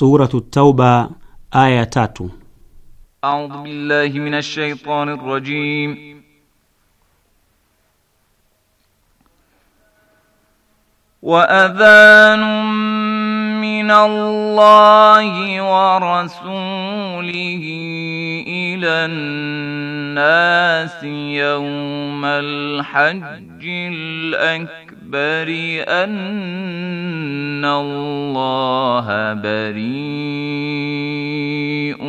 Suratu Tauba aya tatu. A'udhu billahi minash shaitani rajim. وأذان من الله ورسوله إلى الناس يوم الحج الأكبر أن الله الله بريء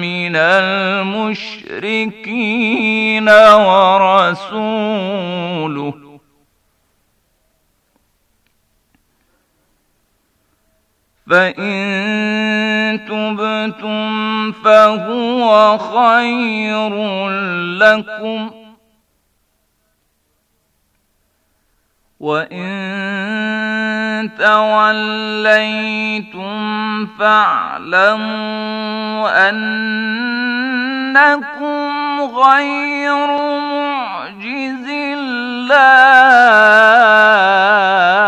من المشركين ورسوله فإن تبتم فهو خير لكم وإن توليتم فاعلموا أنكم غير معجز الله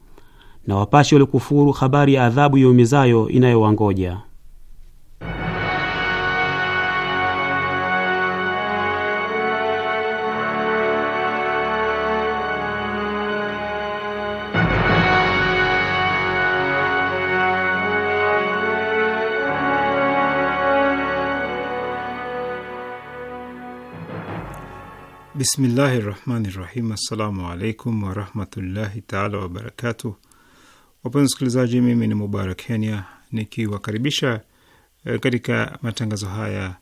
na wapashe waliokufuru habari ya adhabu yaumizayo inayowangoja. Bismillahi rahmani rahim. Assalamu alaikum warahmatullahi taala wabarakatuh. Wapenzi msikilizaji, mimi ni Mubarak Kenya nikiwakaribisha eh, katika matangazo haya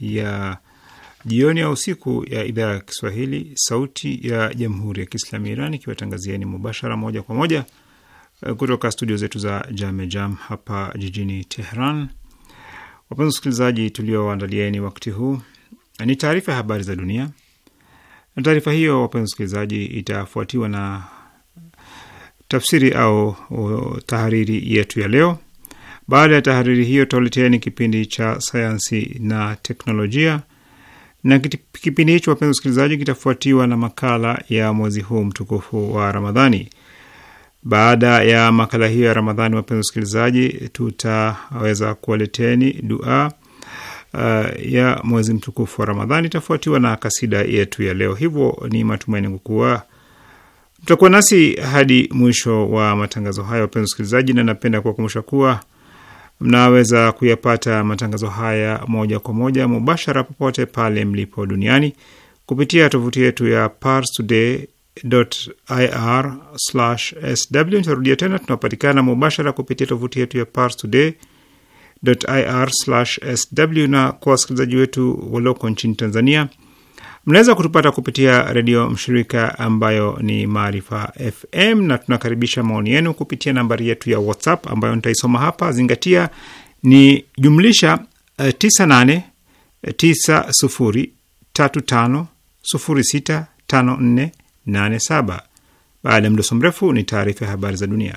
ya jioni ya usiku ya idhaa ya Kiswahili sauti ya jamhuri ya Kiislamu ya Iran ikiwatangazieni mubashara moja kwa moja eh, kutoka studio zetu za Jam hapa jijini Tehran. Wapenzi wasikilizaji, tuliowaandalieni wakati huu ni taarifa ya habari za dunia, na taarifa hiyo wapenzi wasikilizaji, itafuatiwa na tafsiri au uh, tahariri yetu ya leo. Baada ya tahariri hiyo, tutawaleteeni kipindi cha sayansi na teknolojia, na kipindi hicho, wapenzi wasikilizaji, kitafuatiwa na makala ya mwezi huu mtukufu wa Ramadhani. Baada ya makala hiyo ya Ramadhani, wapenzi wasikilizaji, tutaweza kuwaleteni dua Uh, ya mwezi mtukufu wa Ramadhani itafuatiwa na kasida yetu ya leo. Hivyo ni matumaini kuwa Tutakuwa nasi hadi mwisho wa matangazo haya, wapenzi wasikilizaji, na napenda kuwakumbusha kuwa mnaweza kuyapata matangazo haya moja kwa moja mubashara popote pale mlipo duniani kupitia tovuti yetu ya parstoday.ir/sw. Nitarudia tena, tunapatikana mubashara kupitia tovuti yetu ya parstoday.ir/sw, na kwa wasikilizaji wetu walioko nchini Tanzania Mnaweza kutupata kupitia redio mshirika ambayo ni Maarifa FM, na tunakaribisha maoni yenu kupitia nambari yetu ya WhatsApp ambayo nitaisoma hapa. Zingatia ni jumlisha 989035065487. Eh, eh, Baada ya mdoso mrefu ni taarifa ya habari za dunia.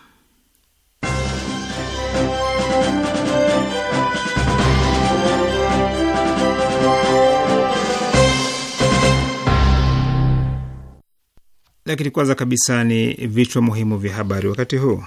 Lakini kwanza kabisa ni vichwa muhimu vya habari wakati huu.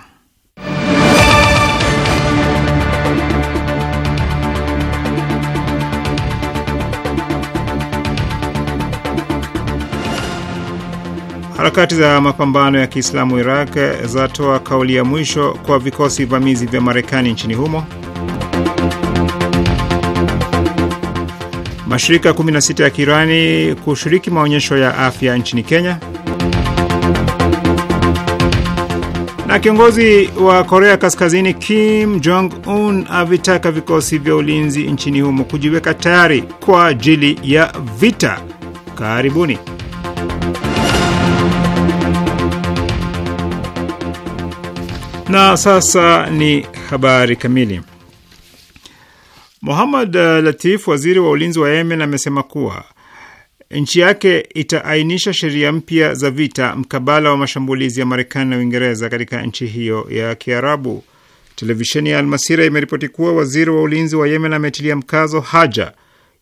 Harakati za mapambano ya Kiislamu Iraq zatoa kauli ya mwisho kwa vikosi vamizi vya Marekani nchini humo. Mashirika 16 ya Kirani kushiriki maonyesho ya afya nchini Kenya. Na kiongozi wa Korea Kaskazini Kim Jong Un avitaka vikosi vya ulinzi nchini humo kujiweka tayari kwa ajili ya vita. Karibuni. Na sasa ni habari kamili. Muhammad Latif, waziri wa ulinzi wa Yemen, amesema kuwa nchi yake itaainisha sheria mpya za vita mkabala wa mashambulizi ya Marekani na Uingereza katika nchi hiyo ya Kiarabu. Televisheni ya Almasira imeripoti kuwa waziri wa ulinzi wa Yemen ametilia mkazo haja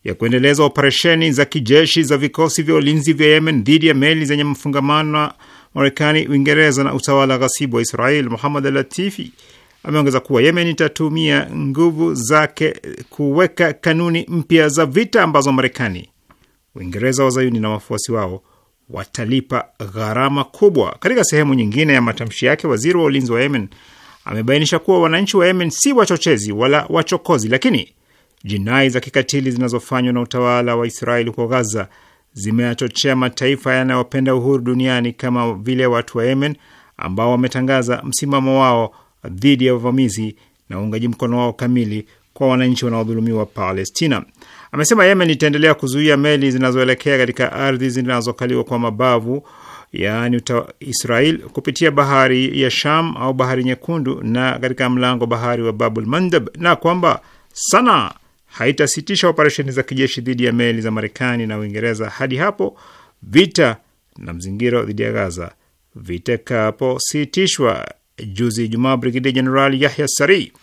ya kuendeleza operesheni za kijeshi za vikosi vya ulinzi vya Yemen dhidi ya meli zenye mfungamano wa Marekani, Uingereza na utawala ghasibu wa Israel. Muhamad Al Latifi ameongeza kuwa Yemen itatumia nguvu zake kuweka kanuni mpya za vita ambazo Marekani Uingereza, wazayuni na wafuasi wao watalipa gharama kubwa. Katika sehemu nyingine ya matamshi yake, waziri wa ulinzi wa Yemen amebainisha kuwa wananchi wa Yemen si wachochezi wala wachokozi, lakini jinai za kikatili zinazofanywa na utawala wa Israeli huko Gaza zimeyachochea mataifa yanayopenda uhuru duniani kama vile watu wa Yemen ambao wametangaza msimamo wao dhidi ya uvamizi na uungaji mkono wao kamili kwa wananchi wanaodhulumiwa Palestina. Amesema Yemen itaendelea kuzuia meli zinazoelekea katika ardhi zinazokaliwa kwa mabavu yaani Israel kupitia bahari ya Sham au bahari nyekundu na katika mlango bahari wa Babul Mandab, na kwamba sana haitasitisha operesheni za kijeshi dhidi ya meli za Marekani na Uingereza hadi hapo vita na mzingiro dhidi ya Gaza vitakapositishwa. Juzi Ijumaa, Brigedia Jenerali Yahya Sari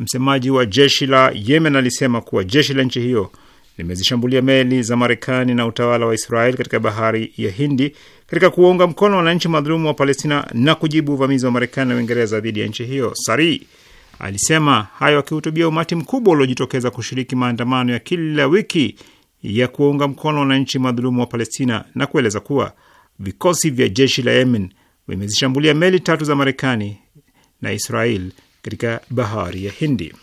Msemaji wa jeshi la Yemen alisema kuwa jeshi la nchi hiyo limezishambulia meli za Marekani na utawala wa Israel katika bahari ya Hindi katika kuwaunga mkono wananchi madhulumu wa Palestina na kujibu uvamizi wa Marekani na Uingereza dhidi ya nchi hiyo. Sari alisema hayo akihutubia umati mkubwa uliojitokeza kushiriki maandamano ya kila wiki ya kuwaunga mkono wananchi madhulumu wa Palestina na kueleza kuwa vikosi vya jeshi la Yemen vimezishambulia meli tatu za Marekani na Israel katika bahari ya Hindi.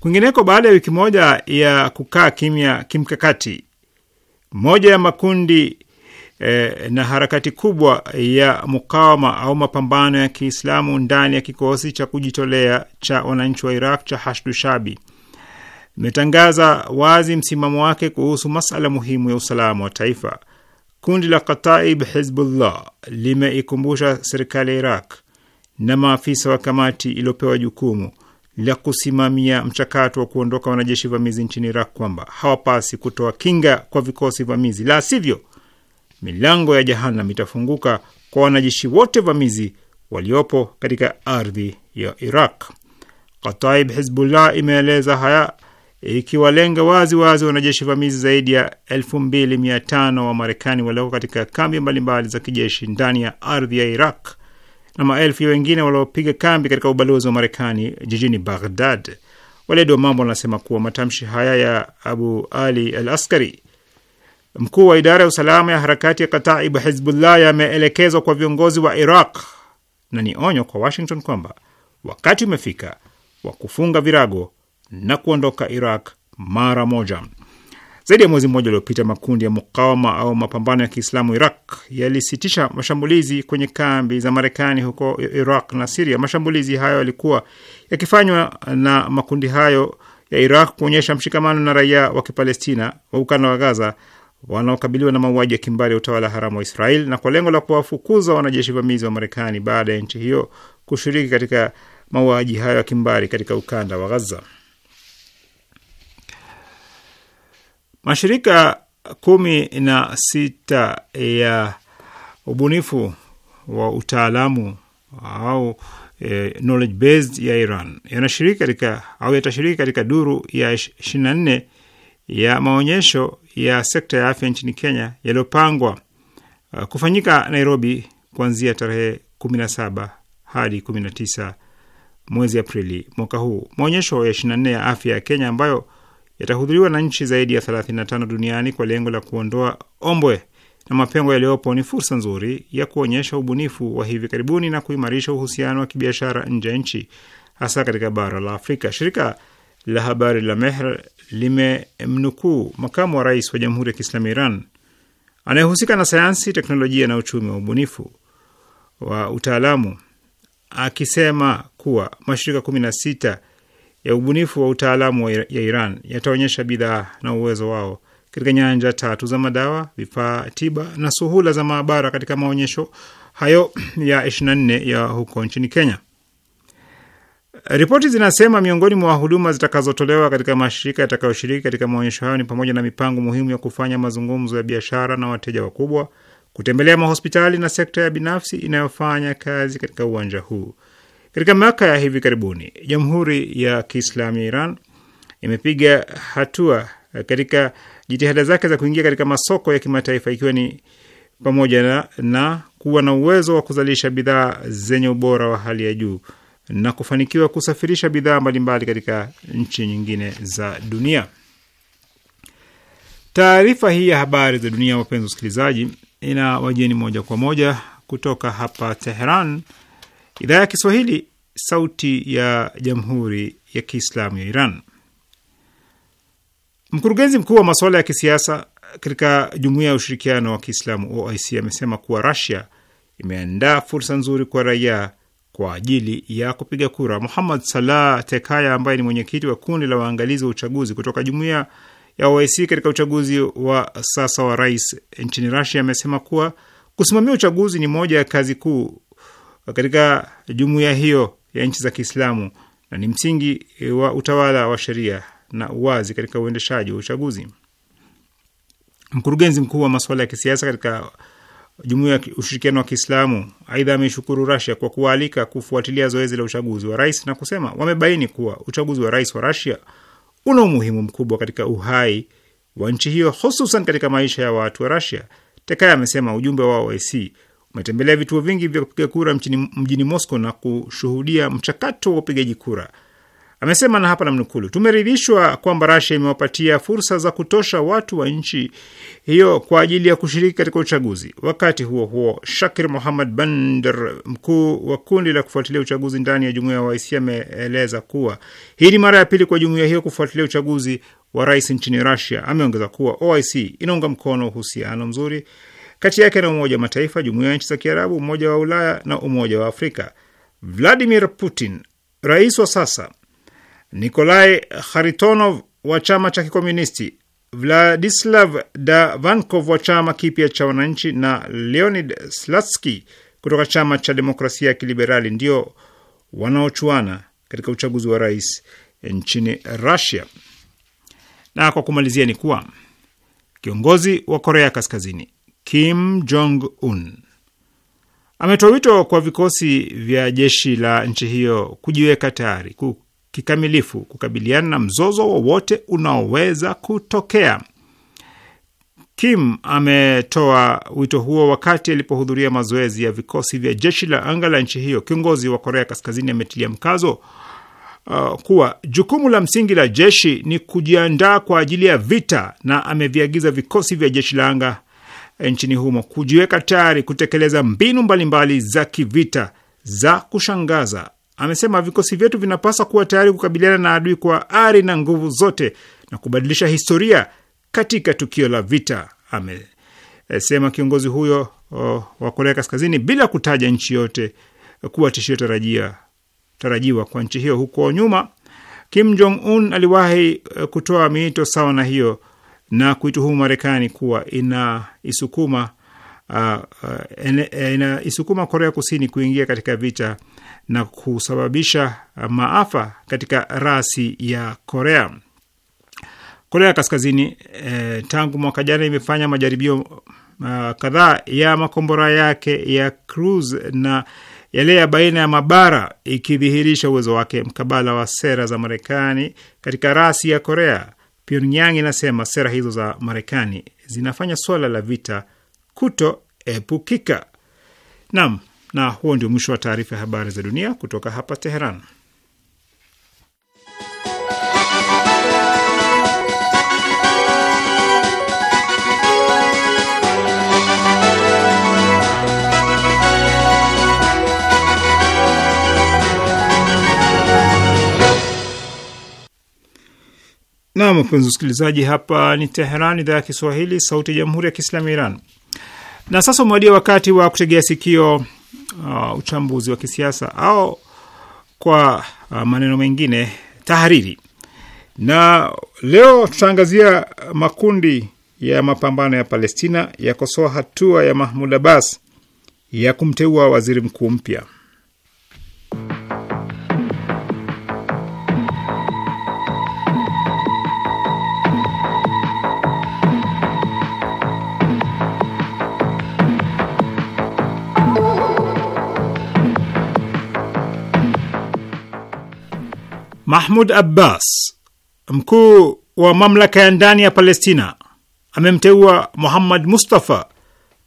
Kwingineko, baada ya wiki moja ya kukaa kimya kimkakati, moja ya makundi eh, na harakati kubwa ya mukawama au mapambano ya Kiislamu ndani ya kikosi cha kujitolea cha wananchi wa Iraq cha Hashdu Shabi imetangaza wazi msimamo wake kuhusu masala muhimu ya usalama wa taifa. Kundi la Kataib Hizbullah limeikumbusha serikali ya Iraq na maafisa wa kamati iliyopewa jukumu la kusimamia mchakato wa kuondoka wanajeshi vamizi nchini Iraq kwamba hawapasi kutoa kinga kwa vikosi vamizi, la sivyo milango ya jahanam itafunguka kwa wanajeshi wote vamizi waliopo katika ardhi ya Iraq. Kataib Hizbullah imeeleza haya ikiwalenga wazi wazi wanajeshi vamizi zaidi ya 2500 wa Marekani walioko katika kambi mbalimbali za kijeshi ndani ya ardhi ya Iraq na maelfu ya wengine waliopiga kambi katika ubalozi wa Marekani jijini Baghdad. Waledi wa mambo wanasema kuwa matamshi haya ya Abu Ali al Askari, mkuu wa idara ya usalama ya harakati ya Kataibu Hizbullah, yameelekezwa kwa viongozi wa Iraq na ni onyo kwa Washington kwamba wakati umefika wa kufunga virago na kuondoka Iraq mara moja. Zaidi ya mwezi mmoja uliopita, makundi ya mukawama au mapambano ya Kiislamu Iraq yalisitisha mashambulizi kwenye kambi za Marekani huko Iraq na Siria. Mashambulizi hayo yalikuwa yakifanywa na makundi hayo ya Iraq kuonyesha mshikamano na raia wa Kipalestina wa ukanda wa Gaza wanaokabiliwa na mauaji ya kimbari ya utawala haramu wa Israel na kwa lengo la kuwafukuza wanajeshi vamizi wa Marekani baada ya nchi hiyo kushiriki katika mauaji hayo ya kimbari katika ukanda wa Gaza. Mashirika kumi na sita ya ubunifu wa utaalamu au e, knowledge based ya Iran yanashiriki katika au yatashiriki katika duru ya 24 ya maonyesho ya sekta ya afya nchini Kenya yaliyopangwa uh, kufanyika Nairobi kuanzia tarehe 17 hadi 19 mwezi Aprili mwaka huu. Maonyesho ya 24 ya afya ya Kenya ambayo yatahudhuriwa na nchi zaidi ya 35 duniani kwa lengo la kuondoa ombwe na mapengo yaliyopo. Ni fursa nzuri ya kuonyesha ubunifu wa hivi karibuni na kuimarisha uhusiano wa kibiashara nje ya nchi, hasa katika bara la Afrika. Shirika la habari la Mehr limemnukuu makamu wa rais wa Jamhuri ya Kiislamu Iran anayehusika na sayansi, teknolojia na uchumi wa ubunifu wa utaalamu akisema kuwa mashirika 16 ya ubunifu wa utaalamu ya Iran yataonyesha bidhaa na uwezo wao katika nyanja tatu za madawa, vifaa tiba na suhula za maabara katika maonyesho hayo ya 24 ya huko nchini Kenya. Ripoti zinasema miongoni mwa huduma zitakazotolewa katika mashirika yatakayoshiriki katika maonyesho hayo ni pamoja na mipango muhimu ya kufanya mazungumzo ya biashara na wateja wakubwa, kutembelea mahospitali na sekta ya binafsi inayofanya kazi katika uwanja huu. Katika miaka ya hivi karibuni, Jamhuri ya Kiislamu ya Iran imepiga hatua katika jitihada zake za kuingia katika masoko ya kimataifa ikiwa ni pamoja na, na kuwa na uwezo wa kuzalisha bidhaa zenye ubora wa hali ya juu na kufanikiwa kusafirisha bidhaa mbalimbali katika nchi nyingine za dunia. Taarifa hii ya habari za dunia, wapenzi wasikilizaji, ina wajeni moja kwa moja kutoka hapa Teheran Idhaa ya Kiswahili, Sauti ya Jamhuri ya Kiislamu ya Iran. Mkurugenzi mkuu wa masuala ya kisiasa katika Jumuiya ya Ushirikiano wa Kiislamu OIC amesema kuwa rasia imeandaa fursa nzuri kwa raia kwa ajili ya kupiga kura. Muhammad Salah Tekaya ambaye ni mwenyekiti wa kundi la waangalizi wa uchaguzi kutoka Jumuiya ya OIC katika uchaguzi wa sasa wa rais nchini rasia amesema kuwa kusimamia uchaguzi ni moja ya kazi kuu katika jumuiya hiyo ya nchi za Kiislamu na ni msingi eh, wa utawala wa sheria na uwazi katika uendeshaji wa uchaguzi. Mkurugenzi mkuu wa masuala ya kisiasa katika jumuiya ya ushirikiano wa Kiislamu aidha ameshukuru Rasia kwa kuwaalika kufuatilia zoezi la uchaguzi wa rais na kusema wamebaini kuwa uchaguzi wa rais wa Rasia una umuhimu mkubwa katika uhai wa nchi hiyo, hususan katika maisha ya watu wa Rasia. Tekaya amesema ujumbe wa OIC umetembelea vituo vingi vya kupiga kura mjini, mjini Moscow na kushuhudia mchakato wa upigaji kura. Amesema na hapa namnukulu, tumeridhishwa kwamba Russia imewapatia fursa za kutosha watu wa nchi hiyo kwa ajili ya kushiriki katika uchaguzi. Wakati huo huo, Shakir muhamad Bandar, mkuu wa kundi la kufuatilia uchaguzi ndani ya jumuiya ya waisi, ameeleza kuwa hii ni mara ya pili kwa jumuiya hiyo kufuatilia uchaguzi wa rais nchini Russia. Ameongeza kuwa OIC inaunga mkono uhusiano mzuri kati yake na Umoja wa Mataifa, Jumuiya ya Nchi za Kiarabu, Umoja wa Ulaya na Umoja wa Afrika. Vladimir Putin, rais wa sasa, Nikolai Kharitonov wa chama cha Kikomunisti, Vladislav Davankov wa chama kipya cha wananchi na Leonid slatski kutoka chama cha demokrasia ya kiliberali ndio wanaochuana katika uchaguzi wa rais nchini Russia. Na kwa kumalizia ni kuwa kiongozi wa Korea Kaskazini Kim Jong Un ametoa wito kwa vikosi vya jeshi la nchi hiyo kujiweka tayari kikamilifu kukabiliana na mzozo wowote unaoweza kutokea. Kim ametoa wito huo wakati alipohudhuria mazoezi ya vikosi vya jeshi la anga la nchi hiyo. Kiongozi wa Korea Kaskazini ametilia mkazo uh, kuwa jukumu la msingi la jeshi ni kujiandaa kwa ajili ya vita, na ameviagiza vikosi vya jeshi la anga nchini humo kujiweka tayari kutekeleza mbinu mbalimbali mbali za kivita za kushangaza. Amesema vikosi vyetu vinapaswa kuwa tayari kukabiliana na adui kwa ari na nguvu zote na kubadilisha historia katika tukio la vita, amesema kiongozi huyo wa Korea Kaskazini, bila kutaja nchi yote kuwa tishio tarajia, tarajiwa kwa nchi hiyo. Huko nyuma Kim Jong Un aliwahi eh, kutoa miito sawa na hiyo na kuituhumu Marekani kuwa inaisukuma uh, uh, eh, inaisukuma Korea Kusini kuingia katika vita na kusababisha maafa katika rasi ya Korea. Korea Kaskazini eh, tangu mwaka jana imefanya majaribio uh, kadhaa ya makombora yake ya cruise na yale ya baina ya mabara ikidhihirisha uwezo wake mkabala wa sera za Marekani katika rasi ya Korea. Pyongyang inasema sera hizo za Marekani zinafanya swala la vita kutoepukika. Naam, na huo ndio mwisho wa taarifa ya habari za dunia kutoka hapa Teheran. Na mpenzi msikilizaji, hapa ni Teheran, idhaa ya Kiswahili, sauti ya jamhuri ya kiislamu ya Iran. Na sasa umewadia wakati wa kutegea sikio uh, uchambuzi wa kisiasa au kwa uh, maneno mengine tahariri. Na leo tutaangazia makundi ya mapambano ya Palestina yakosoa hatua ya Mahmud Abbas ya kumteua waziri mkuu mpya. Mahmud Abbas, mkuu wa mamlaka ya ndani ya Palestina, amemteua Muhammad Mustafa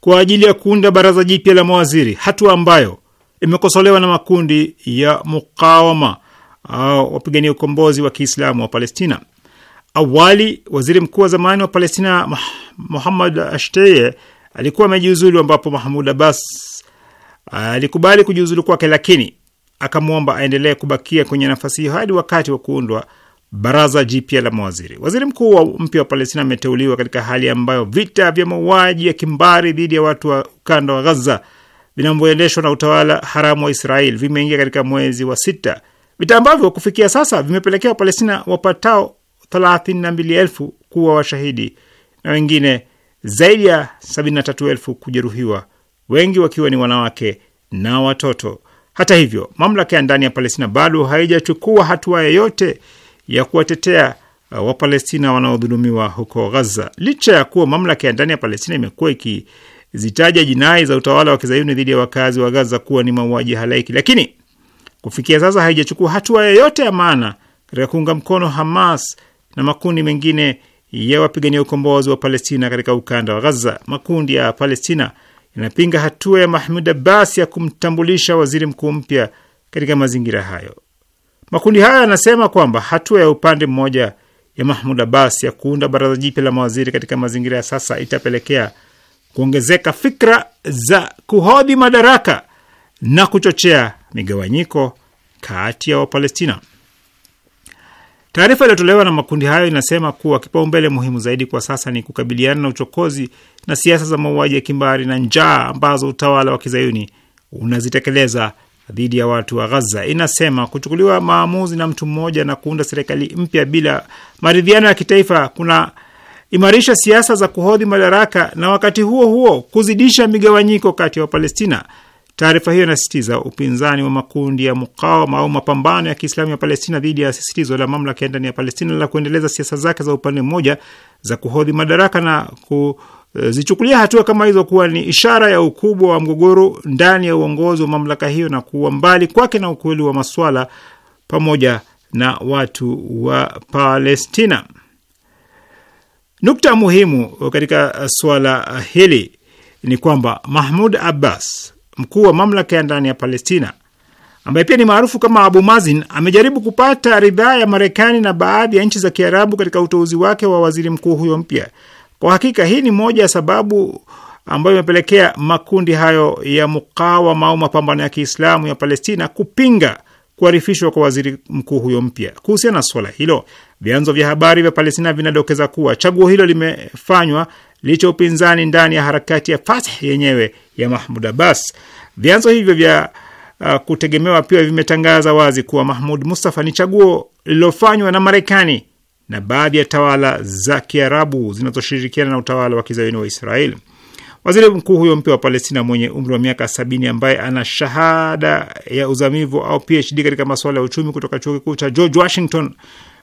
kwa ajili ya kuunda baraza jipya la mawaziri, hatua ambayo imekosolewa na makundi ya mukawama au wapigania ukombozi wa Kiislamu wa Palestina. Awali waziri mkuu wa zamani wa Palestina Muhammad Ashteye alikuwa amejiuzulu, ambapo Mahmud Abbas eh, alikubali kujiuzulu kwake, lakini akamwomba aendelee kubakia kwenye nafasi hiyo hadi wakati wa kuundwa baraza jipya la mawaziri. Waziri mkuu wa mpya wa Palestina ameteuliwa katika hali ambayo vita vya mauaji ya kimbari dhidi ya watu wa ukanda wa ghaza vinavyoendeshwa na utawala haramu wa israel vimeingia katika mwezi wa sita, vita ambavyo kufikia sasa vimepelekea Wapalestina wapatao 32 kuwa washahidi na wengine zaidi ya 73,000 kujeruhiwa, wengi wakiwa ni wanawake na watoto. Hata hivyo, mamlaka ya ndani ya Palestina bado haijachukua hatua yoyote ya kuwatetea uh, Wapalestina wanaodhulumiwa huko Gaza, licha ya kuwa mamlaka ya ndani ya Palestina imekuwa ikizitaja jinai za utawala wa kizayuni dhidi ya wakazi wa Gaza kuwa ni mauaji halaiki, lakini kufikia sasa haijachukua hatua yoyote ya maana katika kuunga mkono Hamas na makundi mengine ya wapigania ukombozi wa Palestina katika ukanda wa Gaza. Makundi ya Palestina inapinga hatua ya Mahmud Abbas ya kumtambulisha waziri mkuu mpya katika mazingira hayo. Makundi haya yanasema kwamba hatua ya upande mmoja ya Mahmud Abbas ya kuunda baraza jipya la mawaziri katika mazingira ya sasa itapelekea kuongezeka fikra za kuhodhi madaraka na kuchochea migawanyiko kati ya Wapalestina. Taarifa iliyotolewa na makundi hayo inasema kuwa kipaumbele muhimu zaidi kwa sasa ni kukabiliana na uchokozi na siasa za mauaji ya kimbari na njaa ambazo utawala wa kizayuni unazitekeleza dhidi ya watu wa Gaza. Inasema kuchukuliwa maamuzi na mtu mmoja na kuunda serikali mpya bila maridhiano ya kitaifa kuna imarisha siasa za kuhodhi madaraka na wakati huo huo kuzidisha migawanyiko kati ya Wapalestina. Taarifa hiyo inasisitiza upinzani wa makundi ya mukawama au mapambano ya Kiislamu ya Palestina dhidi ya sisitizo la mamlaka ya ndani ya Palestina la kuendeleza siasa zake za upande mmoja za kuhodhi madaraka na kuzichukulia hatua kama hizo kuwa ni ishara ya ukubwa wa mgogoro ndani ya uongozi wa mamlaka hiyo na kuwa mbali kwake na ukweli wa maswala pamoja na watu wa Palestina. Nukta muhimu katika swala hili ni kwamba Mahmud Abbas mkuu wa mamlaka ya ndani ya Palestina ambaye pia ni maarufu kama Abu Mazin amejaribu kupata ridhaa ya Marekani na baadhi ya nchi za Kiarabu katika uteuzi wake wa waziri mkuu huyo mpya. Kwa hakika hii ni moja ya sababu ambayo imepelekea makundi hayo ya mukawama au mapambano ya Kiislamu ya Palestina kupinga kuharifishwa kwa waziri mkuu huyo mpya. Kuhusiana na suala hilo, vyanzo vya habari vya Palestina vinadokeza kuwa chaguo hilo limefanywa licha upinzani ndani ya harakati ya Fatah yenyewe ya Mahmud Abbas. Vyanzo hivyo vya uh, kutegemewa pia vimetangaza wazi kuwa Mahmud Mustafa ni chaguo lililofanywa na Marekani na baadhi ya tawala za Kiarabu zinazoshirikiana na utawala wa kizayuni wa Israeli. Waziri mkuu huyo mpya wa Palestina mwenye umri wa miaka sabini ambaye ana shahada ya uzamivu au PhD katika masuala ya uchumi kutoka chuo kikuu cha George Washington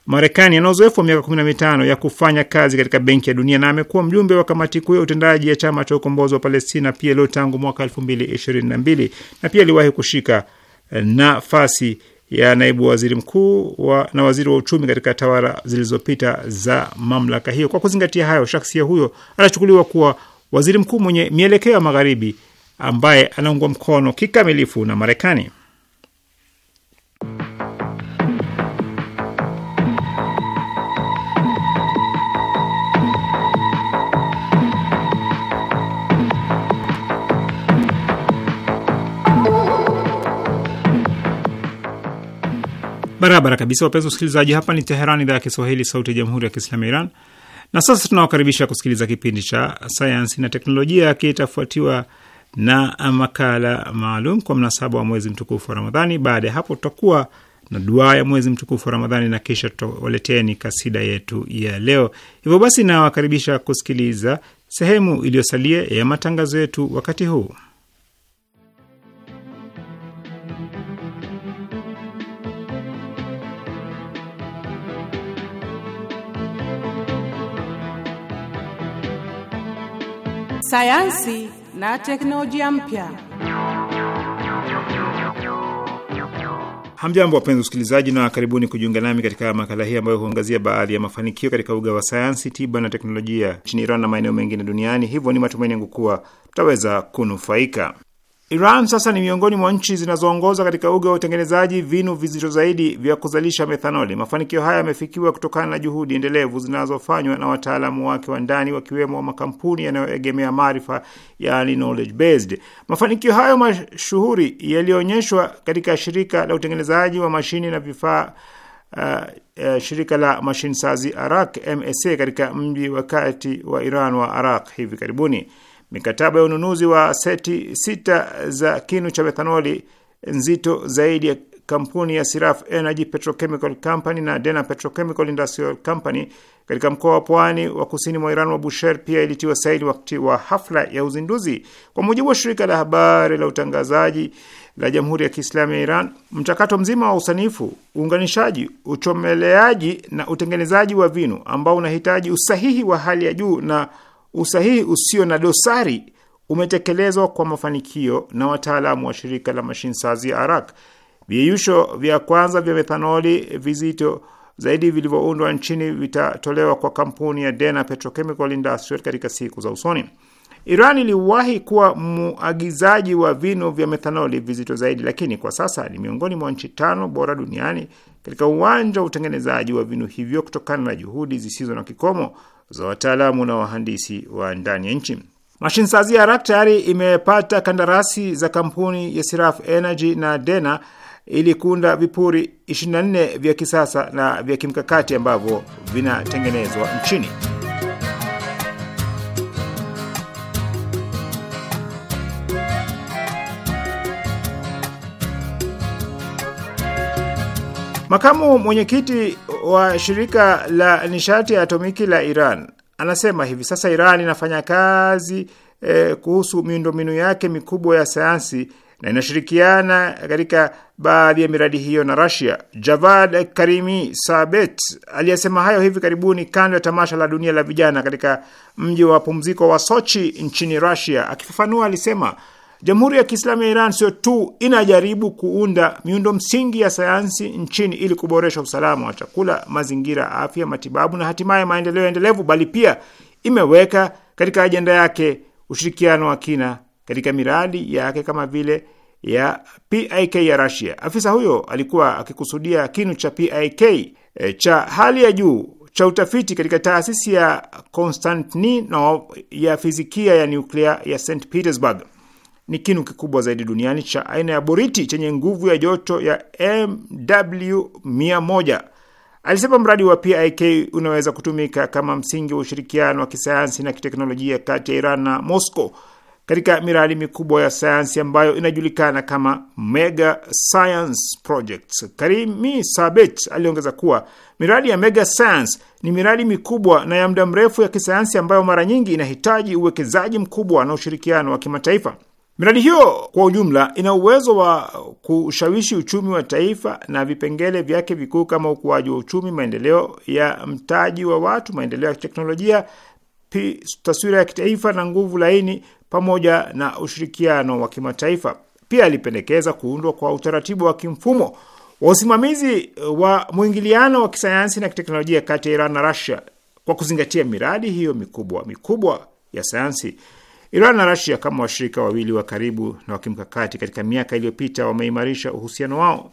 Marekani ana uzoefu wa miaka 15 ya kufanya kazi katika Benki ya Dunia na amekuwa mjumbe wa kamati kuu ya utendaji ya chama cha ukombozi wa Palestina PLO tangu mwaka 2022 na pia aliwahi kushika eh, nafasi ya naibu waziri mkuu wa, na waziri wa uchumi katika tawala zilizopita za mamlaka hiyo. Kwa kuzingatia hayo, shaksia huyo anachukuliwa kuwa waziri mkuu mwenye mielekeo ya magharibi ambaye anaungwa mkono kikamilifu na Marekani. Barabara kabisa, wapenzi wasikilizaji, hapa ni Teheran, idhaa ya Kiswahili, sauti ya jamhuri ya kiislamu ya Iran. Na sasa tunawakaribisha kusikiliza kipindi cha sayansi na teknolojia, kitafuatiwa na makala maalum kwa mnasaba wa mwezi mtukufu wa Ramadhani. Baada ya hapo, tutakuwa na duaa ya mwezi mtukufu wa Ramadhani na kisha tutawaleteni kasida yetu ya leo. Hivyo basi, nawakaribisha kusikiliza sehemu iliyosalia ya matangazo yetu wakati huu. sayansi na teknolojia mpya. Hamjambo wapenzi usikilizaji, na karibuni kujiunga nami katika makala hii ambayo huangazia baadhi ya mafanikio katika uga wa sayansi, tiba na teknolojia nchini Iran na maeneo mengine duniani. Hivyo ni matumaini yangu kuwa tutaweza kunufaika. Iran sasa ni miongoni mwa nchi zinazoongoza katika uga wa utengenezaji vinu vizito zaidi vya kuzalisha methanoli. Mafanikio haya yamefikiwa kutokana na juhudi endelevu zinazofanywa na wataalamu wake wa ndani, wakiwemo makampuni yanayoegemea maarifa, yani knowledge based. Mafanikio hayo mashuhuri yaliyoonyeshwa katika shirika la utengenezaji wa mashini na vifaa Uh, uh, shirika la mashinsazi Arak MSA katika mji wa kati wa Iran wa Arak hivi karibuni. Mikataba ya ununuzi wa seti sita za kinu cha methanoli nzito zaidi ya kampuni ya Siraf Energy Petrochemical Company na Dena Petrochemical Industrial Company katika mkoa wa pwani wa kusini mwa Iran wa Bushehr pia ilitiwa saini wakati wa hafla ya uzinduzi. Kwa mujibu wa shirika la habari la utangazaji la Jamhuri ya Kiislamu ya Iran, mchakato mzima wa usanifu, uunganishaji, uchomeleaji na utengenezaji wa vinu ambao unahitaji usahihi wa hali ya juu na usahihi usio na dosari umetekelezwa kwa mafanikio na wataalamu wa shirika la mashinsazi ya Arak. Viyeyusho vya kwanza vya methanoli vizito zaidi vilivyoundwa nchini vitatolewa kwa kampuni ya Dena Petrochemical Industries katika siku za usoni. Iran iliwahi kuwa muagizaji wa vinu vya methanoli vizito zaidi, lakini kwa sasa ni miongoni mwa nchi tano bora duniani katika uwanja wa utengenezaji wa vinu hivyo kutokana na juhudi zisizo na kikomo za wataalamu na wahandisi wa ndani ya nchi. Mashinsazi ya Iraq tayari imepata kandarasi za kampuni ya Siraf Energy na Dena ili kuunda vipuri 24 vya kisasa na vya kimkakati ambavyo vinatengenezwa nchini. Makamu mwenyekiti wa shirika la nishati ya atomiki la Iran anasema hivi sasa Iran inafanya kazi eh, kuhusu miundombinu yake mikubwa ya sayansi na inashirikiana katika baadhi ya miradi hiyo na Russia. Javad Karimi Sabet aliyesema hayo hivi karibuni kando ya tamasha la dunia la vijana katika mji wa mapumziko wa Sochi nchini Russia. Akifafanua alisema Jamhuri ya Kiislamu ya Iran sio tu inajaribu kuunda miundo msingi ya sayansi nchini ili kuboresha usalama wa chakula, mazingira, afya, matibabu na hatimaye maendeleo endelevu, bali pia imeweka katika ajenda yake ushirikiano wa kina katika miradi yake kama vile ya PIK ya Russia. Afisa huyo alikuwa akikusudia kinu cha PIK e, cha hali ya juu cha utafiti katika taasisi ya Konstantinov ya fizikia ya nuklea ya St Petersburg ni kinu kikubwa zaidi duniani cha aina ya boriti chenye nguvu ya joto ya MW 100. Alisema mradi wa PIK unaweza kutumika kama msingi wa ushirikiano wa kisayansi na kiteknolojia kati ya Iran na Moscow katika miradi mikubwa ya sayansi ambayo inajulikana kama mega science projects. Karimi Sabet aliongeza kuwa miradi ya mega science ni miradi mikubwa na ya muda mrefu ya kisayansi ambayo mara nyingi inahitaji uwekezaji mkubwa na ushirikiano wa kimataifa. Miradi hiyo kwa ujumla ina uwezo wa kushawishi uchumi wa taifa na vipengele vyake vikuu kama ukuaji wa uchumi, maendeleo ya mtaji wa watu, maendeleo ya teknolojia, taswira ya kitaifa na nguvu laini, pamoja na ushirikiano wa kimataifa. Pia alipendekeza kuundwa kwa utaratibu wa kimfumo wa usimamizi wa mwingiliano wa kisayansi na kiteknolojia kati ya Iran na Russia kwa kuzingatia miradi hiyo mikubwa mikubwa ya sayansi. Iran na Rasia kama washirika wawili wa karibu na wakimkakati katika miaka iliyopita wameimarisha uhusiano wao.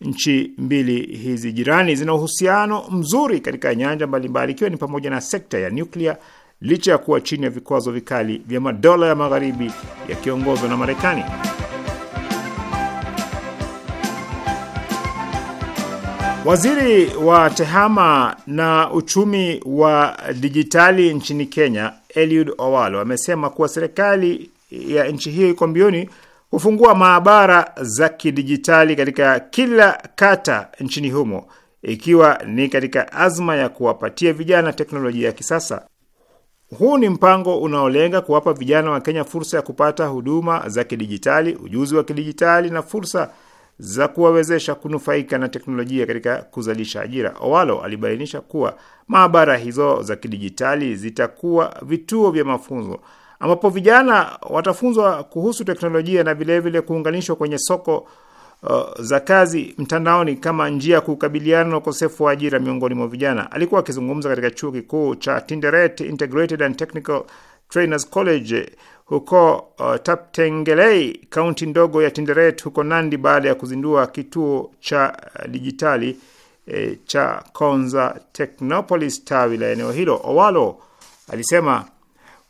Nchi mbili hizi jirani zina uhusiano mzuri katika nyanja mbalimbali, ikiwa ni pamoja na sekta ya nyuklia, licha ya kuwa chini ya vikwazo vikali vya madola ya magharibi yakiongozwa na Marekani. Waziri wa tehama na uchumi wa dijitali nchini Kenya Eliud Owalo amesema kuwa serikali ya nchi hiyo iko mbioni kufungua maabara za kidijitali katika kila kata nchini humo ikiwa ni katika azma ya kuwapatia vijana teknolojia ya kisasa. Huu ni mpango unaolenga kuwapa vijana wa Kenya fursa ya kupata huduma za kidijitali, ujuzi wa kidijitali na fursa za kuwawezesha kunufaika na teknolojia katika kuzalisha ajira. Owalo alibainisha kuwa maabara hizo za kidijitali zitakuwa vituo vya mafunzo ambapo vijana watafunzwa kuhusu teknolojia na vilevile kuunganishwa kwenye soko uh, za kazi mtandaoni kama njia ya kukabiliana na ukosefu wa ajira miongoni mwa vijana. Alikuwa akizungumza katika chuo kikuu cha Tinderet Integrated and Technical Trainers College huko uh, Taptengelei, kaunti ndogo ya Tinderet huko Nandi, baada ya kuzindua kituo cha uh, dijitali e, cha Konza Technopolis tawi la eneo hilo. Owalo alisema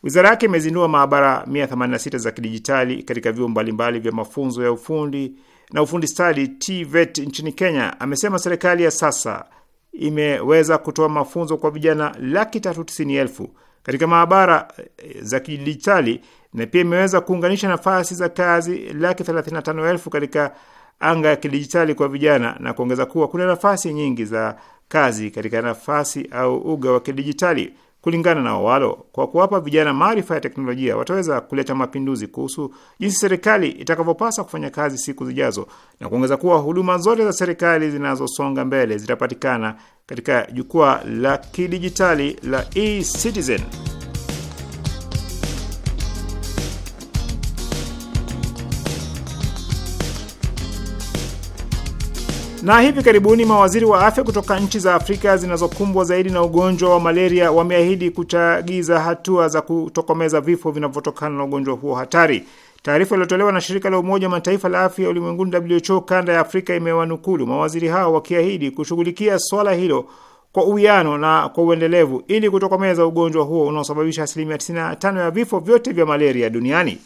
wizara yake imezindua maabara 186 za kidijitali katika vyuo mbalimbali vya mafunzo ya ufundi na ufundi stadi TVET nchini Kenya. Amesema serikali ya sasa imeweza kutoa mafunzo kwa vijana laki tatu tisini elfu katika maabara e, za kidijitali na pia imeweza kuunganisha nafasi za kazi laki 35,000 katika anga ya kidijitali kwa vijana na kuongeza kuwa kuna nafasi nyingi za kazi katika nafasi au uga wa kidijitali kulingana na Owalo. Kwa kuwapa vijana maarifa ya teknolojia, wataweza kuleta mapinduzi kuhusu jinsi serikali itakavyopaswa kufanya kazi siku zijazo, na kuongeza kuwa huduma zote za serikali zinazosonga mbele zitapatikana katika jukwaa la kidijitali la eCitizen. Na hivi karibuni mawaziri wa afya kutoka nchi za Afrika zinazokumbwa zaidi na ugonjwa wa malaria wameahidi kuchagiza hatua za kutokomeza vifo vinavyotokana na ugonjwa huo hatari. Taarifa iliyotolewa na shirika la Umoja wa Mataifa la afya ulimwenguni WHO kanda ya Afrika imewanukulu mawaziri hao wakiahidi kushughulikia swala hilo kwa uwiano na kwa uendelevu ili kutokomeza ugonjwa huo unaosababisha asilimia 95 ya vifo vyote vya malaria duniani.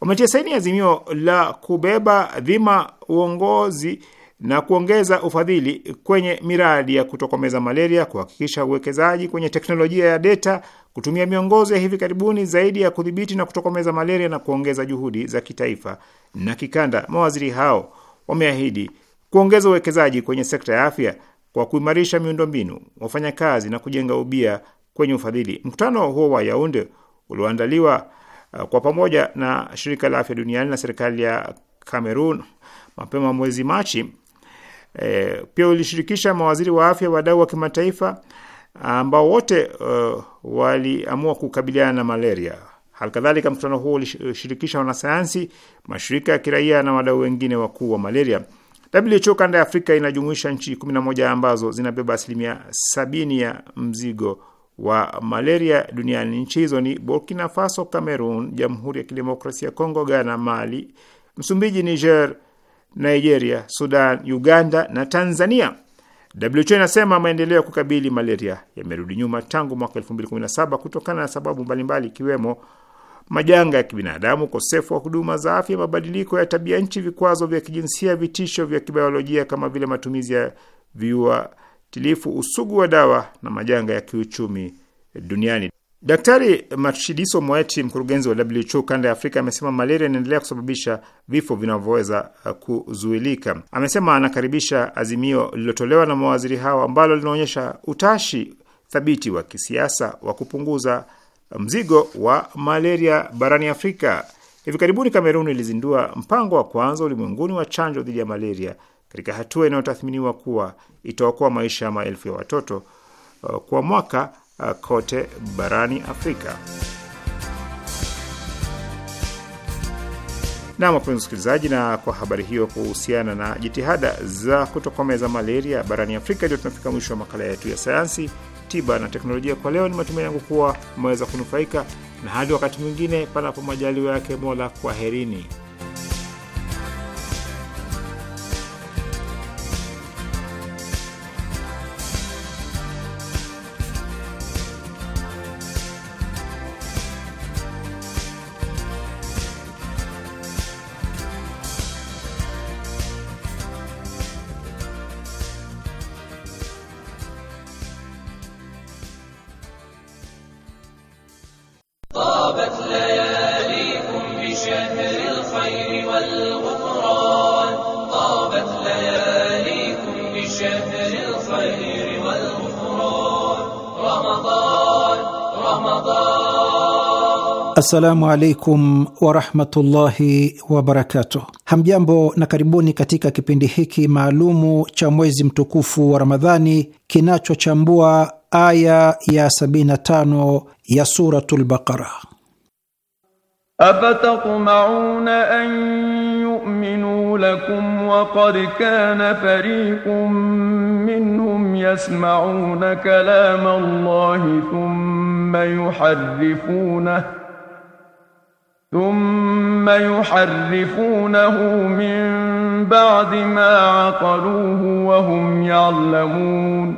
Wametia saini azimio la kubeba dhima uongozi na kuongeza ufadhili kwenye miradi ya kutokomeza malaria, kuhakikisha uwekezaji kwenye teknolojia ya data, kutumia miongozo ya hivi karibuni zaidi ya kudhibiti na kutokomeza malaria na kuongeza juhudi za kitaifa na kikanda. Mawaziri hao wameahidi kuongeza uwekezaji kwenye sekta ya afya kwa kuimarisha miundombinu, wafanyakazi na kujenga ubia kwenye ufadhili. Mkutano huo wa Yaunde ulioandaliwa uh, kwa pamoja na shirika la afya duniani na serikali ya Kamerun mapema mwezi Machi E, pia ulishirikisha mawaziri wa afya, wadau wa kimataifa ambao wote uh, waliamua kukabiliana na malaria. Halikadhalika, mkutano huo ulishirikisha wanasayansi, mashirika ya kiraia na wadau wengine wakuu wa malaria. WHO kanda ya Afrika inajumuisha nchi 11 ambazo zinabeba asilimia sabini ya mzigo wa malaria duniani. Nchi hizo ni Burkina Faso, Cameroon, Jamhuri ya Kidemokrasia ya Kongo, Ghana, Mali, Msumbiji, Niger, Nigeria, Sudan, Uganda na Tanzania. WHO inasema maendeleo ya kukabili malaria yamerudi nyuma tangu mwaka 2017 kutokana na sababu mbalimbali ikiwemo majanga ya kibinadamu, ukosefu wa huduma za afya, mabadiliko ya tabia nchi, vikwazo vya kijinsia, vitisho vya kibiolojia kama vile matumizi ya viuatilifu, usugu wa dawa na majanga ya kiuchumi duniani. Daktari Matshidiso Moeti, mkurugenzi wa WHO kanda ya Afrika, amesema malaria inaendelea kusababisha vifo vinavyoweza uh, kuzuilika. Amesema anakaribisha azimio lililotolewa na mawaziri hao ambalo linaonyesha utashi thabiti wa kisiasa wa kupunguza mzigo wa malaria barani Afrika. Hivi karibuni Kamerun ilizindua mpango wa kwanza ulimwenguni wa chanjo dhidi ya malaria katika hatua inayotathminiwa kuwa itaokoa maisha ya maelfu ya watoto uh, kwa mwaka Uh, kote barani Afrika. na wapenzi msikilizaji, na kwa habari hiyo kuhusiana na jitihada za kutokomeza malaria barani Afrika, ndio tunafika mwisho wa makala yetu ya sayansi, tiba na teknolojia kwa leo. Ni matumaini yangu kuwa mmeweza kunufaika, na hadi wakati mwingine, panapo majaliwa yake Mola, kwaherini. Assalamu alaikum warahmatullahi wabarakatuh. Hamjambo na karibuni katika kipindi hiki maalumu cha mwezi mtukufu wa Ramadhani kinachochambua aya ya 75 ya Suratul Baqara. Afatatma'una an yu'minu lakum wa qad kana fariqun minhum yasma'una kalama Allahi thumma yuharrifunahu thumma yuharrifunahu min ba'di ma aqaluhu wa hum ya'lamun,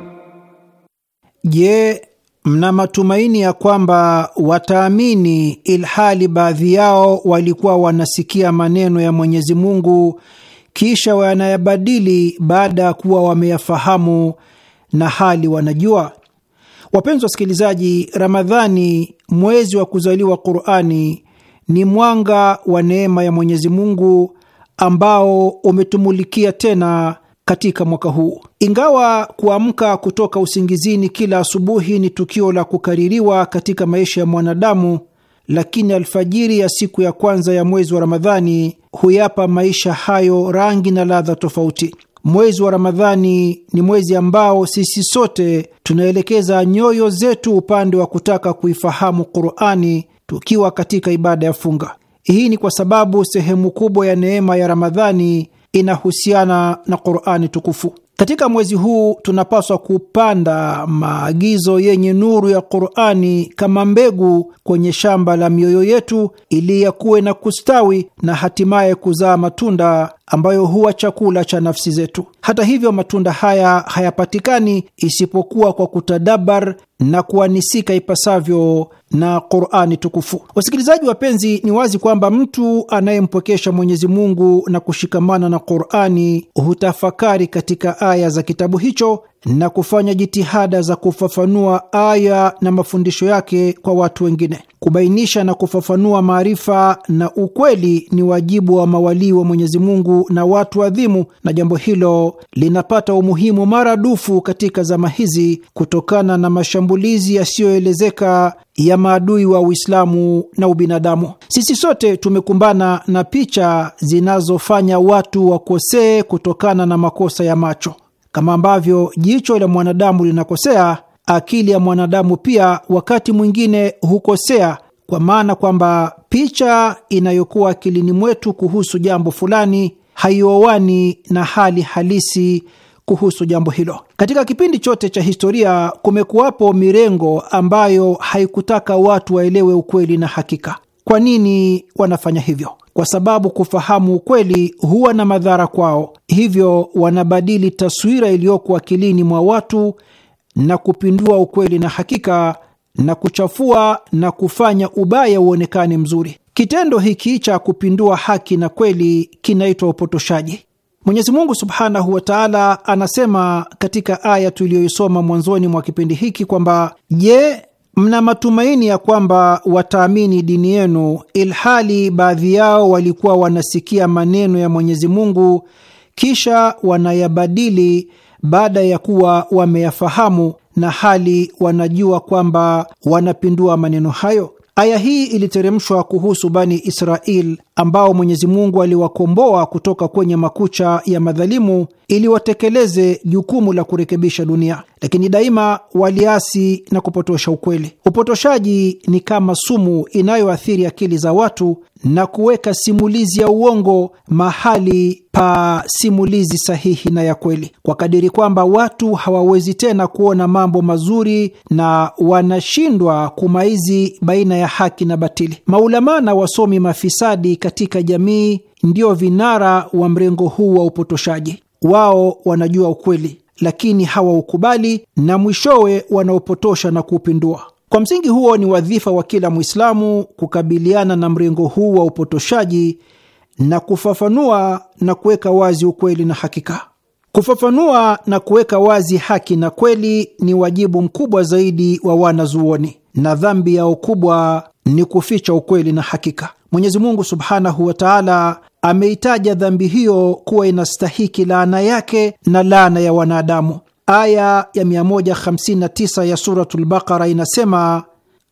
je, mna matumaini ya kwamba wataamini ilhali baadhi yao walikuwa wanasikia maneno ya Mwenyezi Mungu kisha wanayabadili baada ya kuwa wameyafahamu na hali wanajua? Wapenzi wasikilizaji, Ramadhani, mwezi wa kuzaliwa Qur'ani ni mwanga wa neema ya Mwenyezi Mungu ambao umetumulikia tena katika mwaka huu. Ingawa kuamka kutoka usingizini kila asubuhi ni tukio la kukaririwa katika maisha ya mwanadamu, lakini alfajiri ya siku ya kwanza ya mwezi wa Ramadhani huyapa maisha hayo rangi na ladha tofauti. Mwezi wa Ramadhani ni mwezi ambao sisi sote tunaelekeza nyoyo zetu upande wa kutaka kuifahamu Qur'ani tukiwa katika ibada ya funga. Hii ni kwa sababu sehemu kubwa ya neema ya Ramadhani inahusiana na Qur'ani tukufu. Katika mwezi huu tunapaswa kupanda maagizo yenye nuru ya Qur'ani kama mbegu kwenye shamba la mioyo yetu ili yakuwe na kustawi na hatimaye kuzaa matunda ambayo huwa chakula cha nafsi zetu. Hata hivyo, matunda haya hayapatikani isipokuwa kwa kutadabar na kuanisika ipasavyo na Qurani tukufu. Wasikilizaji wapenzi, ni wazi kwamba mtu anayempwekesha Mwenyezi Mungu na kushikamana na Qurani hutafakari katika aya za kitabu hicho na kufanya jitihada za kufafanua aya na mafundisho yake kwa watu wengine. Kubainisha na kufafanua maarifa na ukweli ni wajibu wa mawalii wa Mwenyezi Mungu na watu adhimu, na jambo hilo linapata umuhimu maradufu katika zama hizi kutokana na mashambulizi yasiyoelezeka ya maadui wa Uislamu na ubinadamu. Sisi sote tumekumbana na picha zinazofanya watu wakosee kutokana na makosa ya macho. Kama ambavyo jicho la mwanadamu linakosea, akili ya mwanadamu pia wakati mwingine hukosea, kwa maana kwamba picha inayokuwa akilini mwetu kuhusu jambo fulani haioani na hali halisi kuhusu jambo hilo. Katika kipindi chote cha historia kumekuwapo mirengo ambayo haikutaka watu waelewe ukweli na hakika. Kwa nini wanafanya hivyo? kwa sababu kufahamu ukweli huwa na madhara kwao, hivyo wanabadili taswira iliyoko akilini mwa watu na kupindua ukweli na hakika na kuchafua na kufanya ubaya uonekane mzuri. Kitendo hiki cha kupindua haki na kweli kinaitwa upotoshaji. Mwenyezi Mungu subhanahu wa taala anasema katika aya tuliyoisoma mwanzoni mwa kipindi hiki kwamba, je, mna matumaini ya kwamba wataamini dini yenu, ilhali baadhi yao walikuwa wanasikia maneno ya Mwenyezi Mungu kisha wanayabadili baada ya kuwa wameyafahamu, na hali wanajua kwamba wanapindua maneno hayo. Aya hii iliteremshwa kuhusu Bani Israel ambao Mwenyezi Mungu aliwakomboa kutoka kwenye makucha ya madhalimu ili watekeleze jukumu la kurekebisha dunia, lakini daima waliasi na kupotosha ukweli. Upotoshaji ni kama sumu inayoathiri akili za watu na kuweka simulizi ya uongo mahali pa simulizi sahihi na ya kweli, kwa kadiri kwamba watu hawawezi tena kuona mambo mazuri na wanashindwa kumaizi baina ya haki na batili. Maulama na wasomi mafisadi katika jamii ndio vinara wa mrengo huu wa upotoshaji. Wao wanajua ukweli, lakini hawaukubali na mwishowe wanaopotosha na kuupindua. Kwa msingi huo, ni wadhifa wa kila Mwislamu kukabiliana na mrengo huu wa upotoshaji na kufafanua na kuweka wazi ukweli na hakika. Kufafanua na kuweka wazi haki na kweli ni wajibu mkubwa zaidi wa wanazuoni, na dhambi yao kubwa ni kuficha ukweli na hakika. Mwenyezi Mungu subhanahu wataala ameitaja dhambi hiyo kuwa inastahiki laana yake na laana ya wanadamu. Aya ya 159 ya Suratul Baqara inasema,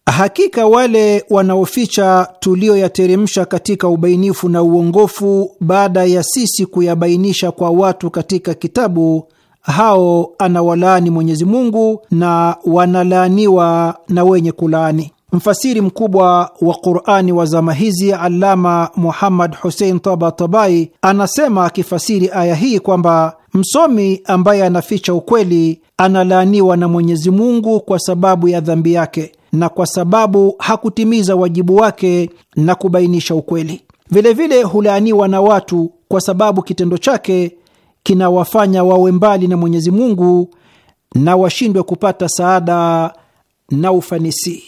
hakika wale wanaoficha tuliyoyateremsha katika ubainifu na uongofu baada ya sisi kuyabainisha kwa watu katika kitabu, hao anawalaani Mwenyezi Mungu na wanalaaniwa na wenye kulaani. Mfasiri mkubwa wa Qurani wa zama hizi alama Muhammad Husein Tabatabai anasema akifasiri aya hii kwamba msomi ambaye anaficha ukweli analaaniwa na Mwenyezi Mungu kwa sababu ya dhambi yake na kwa sababu hakutimiza wajibu wake na kubainisha ukweli. Vilevile hulaaniwa na watu kwa sababu kitendo chake kinawafanya wawe mbali na Mwenyezi Mungu na washindwe kupata saada na ufanisi.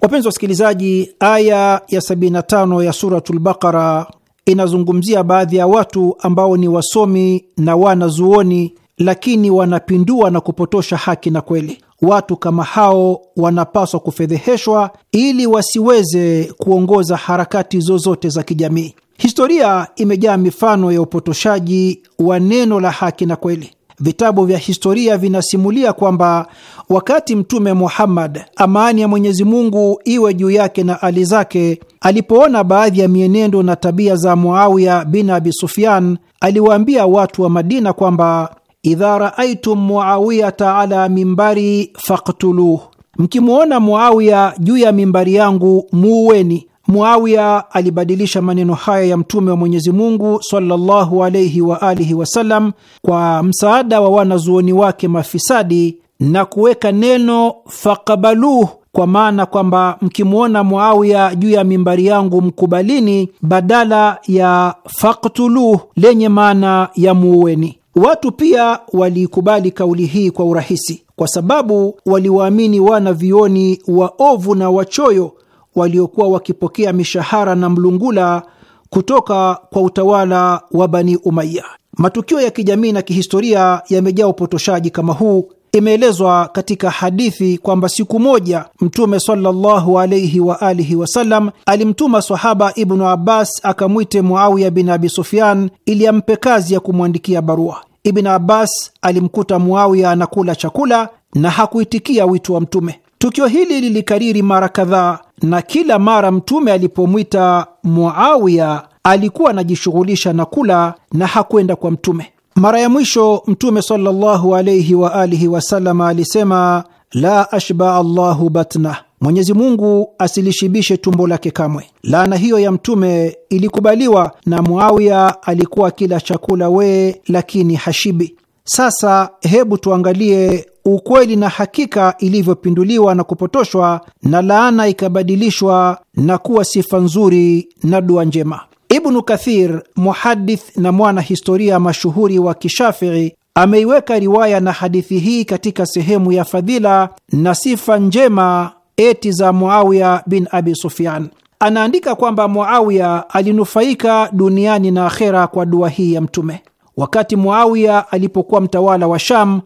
Wapenzi wasikilizaji, aya ya 75 ya Suratul Baqara inazungumzia baadhi ya watu ambao ni wasomi na wanazuoni lakini wanapindua na kupotosha haki na kweli. Watu kama hao wanapaswa kufedheheshwa ili wasiweze kuongoza harakati zozote za kijamii. Historia imejaa mifano ya upotoshaji wa neno la haki na kweli. Vitabu vya historia vinasimulia kwamba wakati Mtume Muhammad, amani ya Mwenyezi Mungu iwe juu yake na ali zake, alipoona baadhi ya mienendo na tabia za Muawiya bin Abi Sufyan, aliwaambia watu wa Madina kwamba idha raaitum muawiyata ala mimbari faktuluh, mkimwona Muawiya juu ya mimbari yangu muuweni. Muawiya alibadilisha maneno haya ya Mtume wa Mwenyezi Mungu sallallahu alayhi wa alihi wasallam kwa msaada wa wanazuoni wake mafisadi na kuweka neno fakabaluh kwa maana kwamba mkimwona Muawiya juu ya mimbari yangu mkubalini, badala ya faktuluh lenye maana ya muuweni. Watu pia waliikubali kauli hii kwa urahisi, kwa sababu waliwaamini wana vioni waovu na wachoyo waliokuwa wakipokea mishahara na mlungula kutoka kwa utawala wa Bani Umaya. Matukio ya kijamii na kihistoria yamejaa upotoshaji kama huu Imeelezwa katika hadithi kwamba siku moja Mtume sallallahu alaihi wa alihi wasallam alimtuma sahaba Ibnu Abbas akamwite Muawiya bin Abi Sufyan ili ampe kazi ya kumwandikia barua. Ibnu Abbas alimkuta Muawiya anakula chakula na hakuitikia wito wa Mtume. Tukio hili lilikariri mara kadhaa, na kila mara Mtume alipomwita Muawiya alikuwa anajishughulisha na kula na hakwenda kwa Mtume. Mara ya mwisho Mtume sallallahu alaihi wa alihi wasalama alisema, la ashba Allahu batna, Mwenyezi Mungu asilishibishe tumbo lake kamwe. Laana hiyo ya Mtume ilikubaliwa na Muawiya, alikuwa kila chakula wee, lakini hashibi. Sasa hebu tuangalie ukweli na hakika ilivyopinduliwa na kupotoshwa na laana ikabadilishwa na kuwa sifa nzuri na dua njema. Ibnu Kathir, muhadith na mwana historia mashuhuri wa Kishafii, ameiweka riwaya na hadithi hii katika sehemu ya fadhila na sifa njema eti za Muawiya bin Abi Sufyan. Anaandika kwamba Muawiya alinufaika duniani na akhera kwa dua hii ya Mtume. Wakati Muawiya alipokuwa mtawala wa Sham,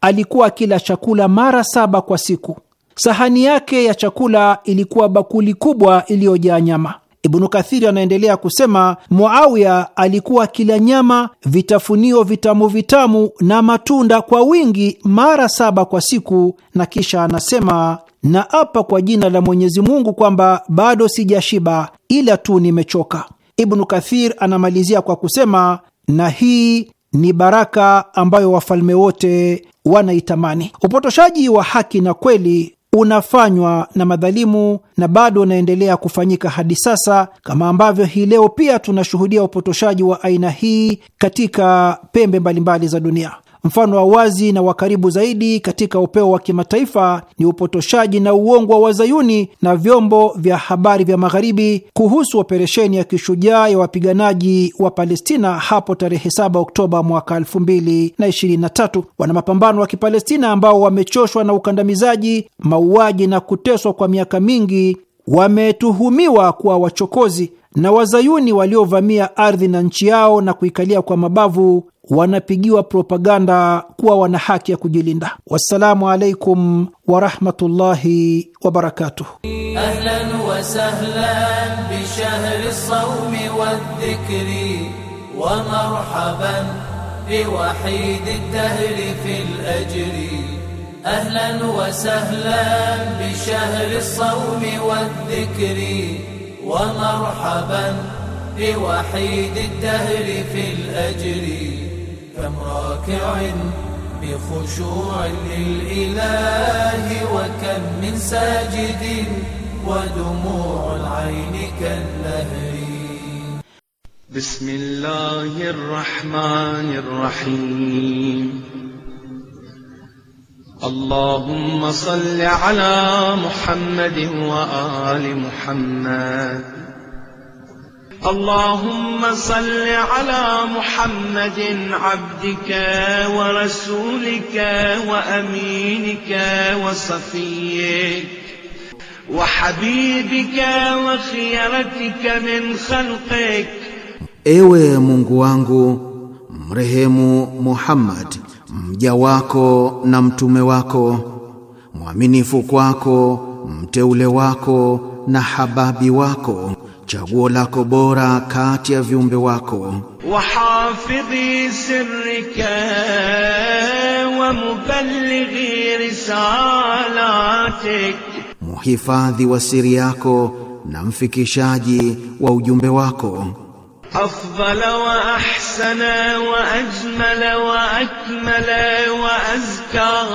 alikuwa akila chakula mara saba kwa siku. Sahani yake ya chakula ilikuwa bakuli kubwa iliyojaa nyama. Ibnu Kathiri anaendelea kusema, Muawiya alikuwa kila nyama, vitafunio vitamu vitamu na matunda kwa wingi mara saba kwa siku, na kisha anasema na apa kwa jina la Mwenyezi Mungu kwamba bado sijashiba ila tu nimechoka. Ibnu Kathir anamalizia kwa kusema, na hii ni baraka ambayo wafalme wote wanaitamani. Upotoshaji wa haki na kweli unafanywa na madhalimu na bado unaendelea kufanyika hadi sasa, kama ambavyo hii leo pia tunashuhudia upotoshaji wa aina hii katika pembe mbalimbali za dunia. Mfano wa wazi na wa karibu zaidi katika upeo wa kimataifa ni upotoshaji na uongo wa wazayuni na vyombo vya habari vya magharibi kuhusu operesheni ya kishujaa ya wapiganaji wa Palestina hapo tarehe 7 Oktoba mwaka 2023. Wana mapambano wa Kipalestina ambao wamechoshwa na ukandamizaji, mauaji na kuteswa kwa miaka mingi wametuhumiwa kuwa wachokozi na wazayuni waliovamia ardhi na nchi yao na kuikalia kwa mabavu wanapigiwa propaganda kuwa wana haki ya kujilinda. Wassalamu alaikum warahmatullahi wabarakatuh. Ahlan wa sahlan bi shahri sawmi wadhikri wa marhaban bi wahidi dahri fil ajri. Ahlan wa sahlan bi shahri sawmi wadhikri wa marhaban bi wahidi dahri fil ajri. كم راكع بخشوع للإله وكم من ساجد ودموع العين كالنهر بسم الله الرحمن الرحيم اللهم صل على محمد وآل محمد اللهم صل على محمد عبدك ورسولك وأمينك وصفيك وحبيبك وخيرتك من خلقك Ewe Mungu wangu mrehemu Muhammad mja wako na mtume wako mwaminifu kwako mteule wako na hababi wako chaguo lako bora kati ya viumbe wako. Wahafidhi sirrika wa mubalighi risalatik, muhifadhi wa siri yako na mfikishaji wa ujumbe wako. أفضل وأحسن وأجمل وأكمل وأزكى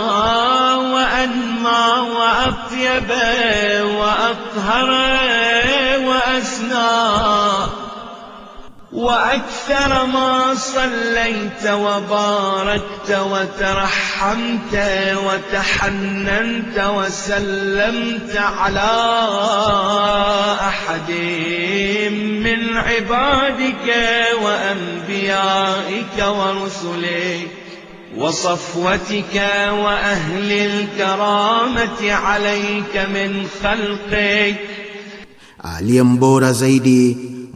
وأنمى وأطيب وأطهر وأسنى وأكثر ما صليت وباركت وترحمت وتحننت وسلمت على أحد من عبادك وأنبيائك ورسلك وصفوتك وأهل الكرامة عليك من خلقك علي مبورة زيدي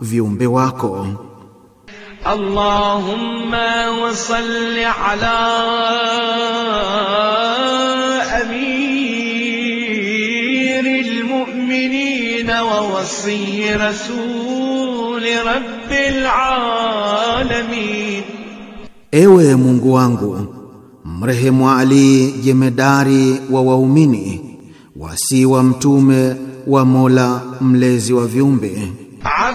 viumbe wako. Allahumma wa salli ala amiril mu'minin wa wasi rasul rabbil alamin, Ewe Mungu wangu mrehemu Ali jemedari wa waumini wasi wa mtume wa Mola mlezi wa viumbe Ab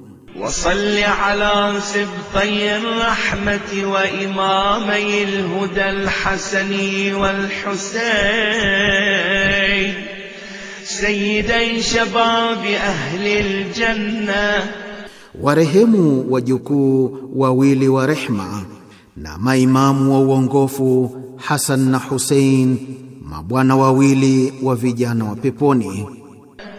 وصل على سبطي الرحمة وإمامي الهدى الحسن والحسين سيدي شباب أهل الجنة ورهم وجكو وويل ورحمة نما إمام وونغوفو حسن حسين مبوانا وويل وفيجان وبيبوني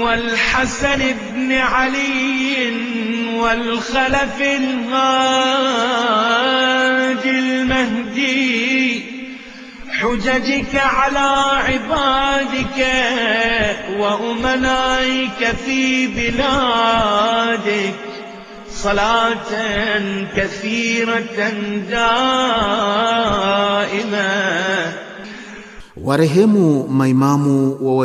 والحسن بن علي والخلف الهادي المهدي حججك على عبادك وأمنائك في بلادك صلاة كثيرة دائمة warehemu maimamu wa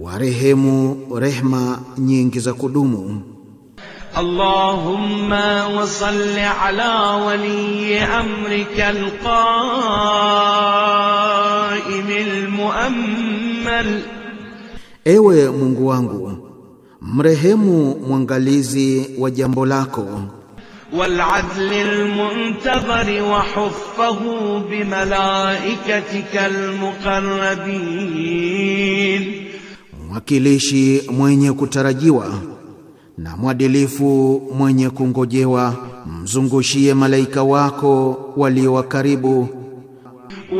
warehemu rehma nyingi za kudumu. Allahumma wa salli ala wali amrika alqaim almuammal, Ewe Mungu wangu mrehemu mwangalizi wa jambo lako والعدل المنتظر وحفه بملائكتك المقربين mwakilishi mwenye kutarajiwa na mwadilifu mwenye kungojewa, mzungushie malaika wako walio karibu.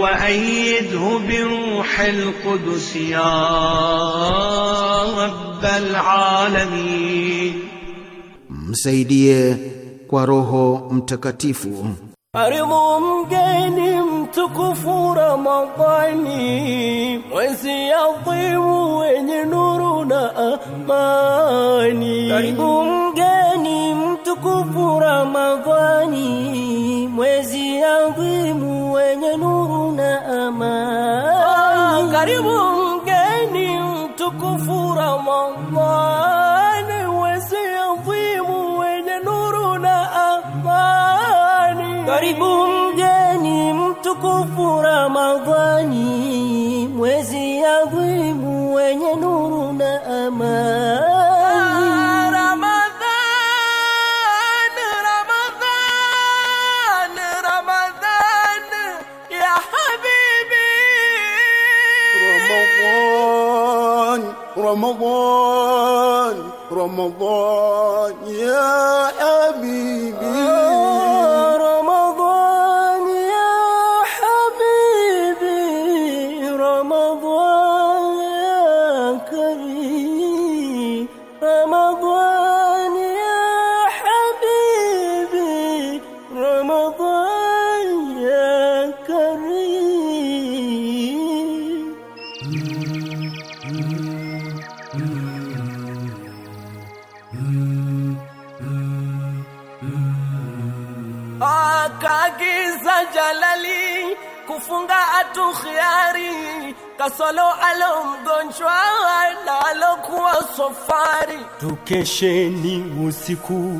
Wa aidhu bi ruhil qudus ya rabbal alamin, msaidie kwa Roho Mtakatifu Karibu mgeni mtukufu Ramadhani, mwezi adhimu wenye nuru na amani. Karibu mgeni رمضان kasolo alo mgonjwa na alokuwa safari. Tukesheni usiku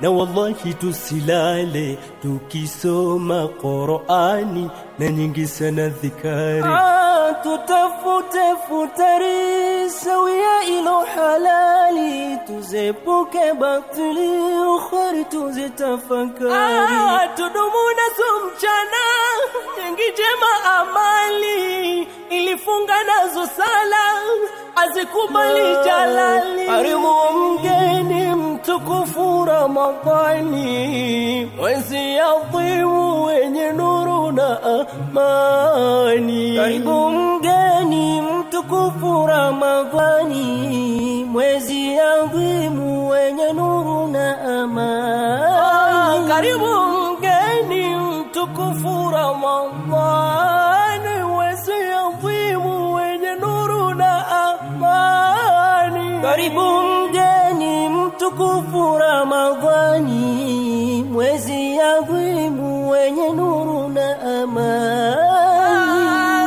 na wallahi tusilale, tukisoma Qur'ani na nyingi sana dhikari. Ah, tutafute futari sawia ilo halali, tuzepuke batili ukhari, tuzitafakari. Ah, tudumu nazo mchana nyingi jema amali Funga nazo sala azikubali jalali, karimu mgeni mtukufu Ramadhani, mwezi adhimu wenye nuru na amani. Karibu mgeni mtukufu Ramadhani, mwezi adhimu wenye nuru na amani. Ah, karibu mgeni mtukufu Ramadhani Karibu mgeni mtukufu Ramadhani, mwezi adhimu wenye nuru na amani.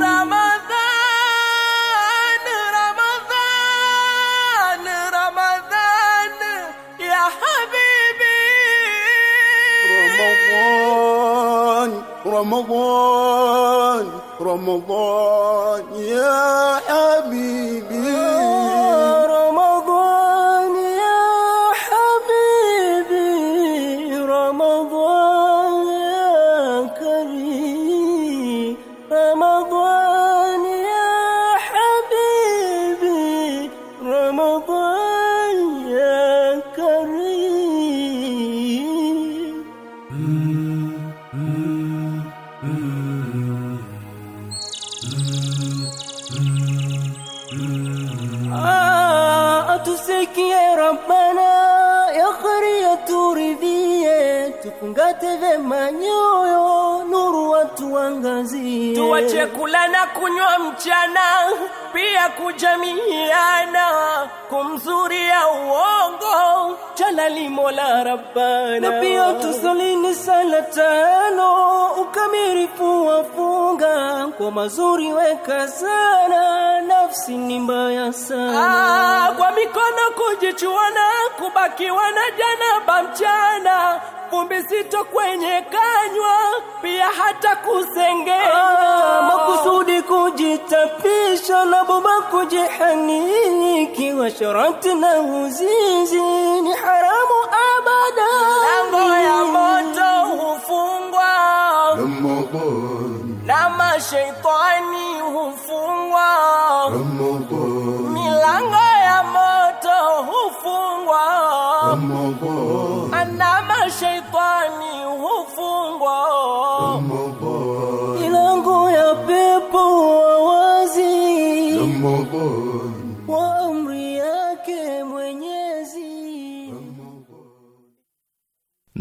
Ah, ya habibi. Ramadhan, Ramadhan, Ramadhan. Tuache kula na kunywa mchana, pia kujamiana ya uongo jalali mola rabbana na pia tusalini sala tano ukamirifu wafunga kwa mazuri weka sana nafsi ni mbaya sana ah, kwa mikono kujichuana kubakiwa na janaba mchana vumbi zito kwenye kanywa pia hata kusengenywa ah, makusudi kujitapisha na boba kujihaniki kiwa Shuratna uzinzi ni haramu abada, lango ya moto hufungwa na mashaitani hufungwa, milango ya moto hufungwa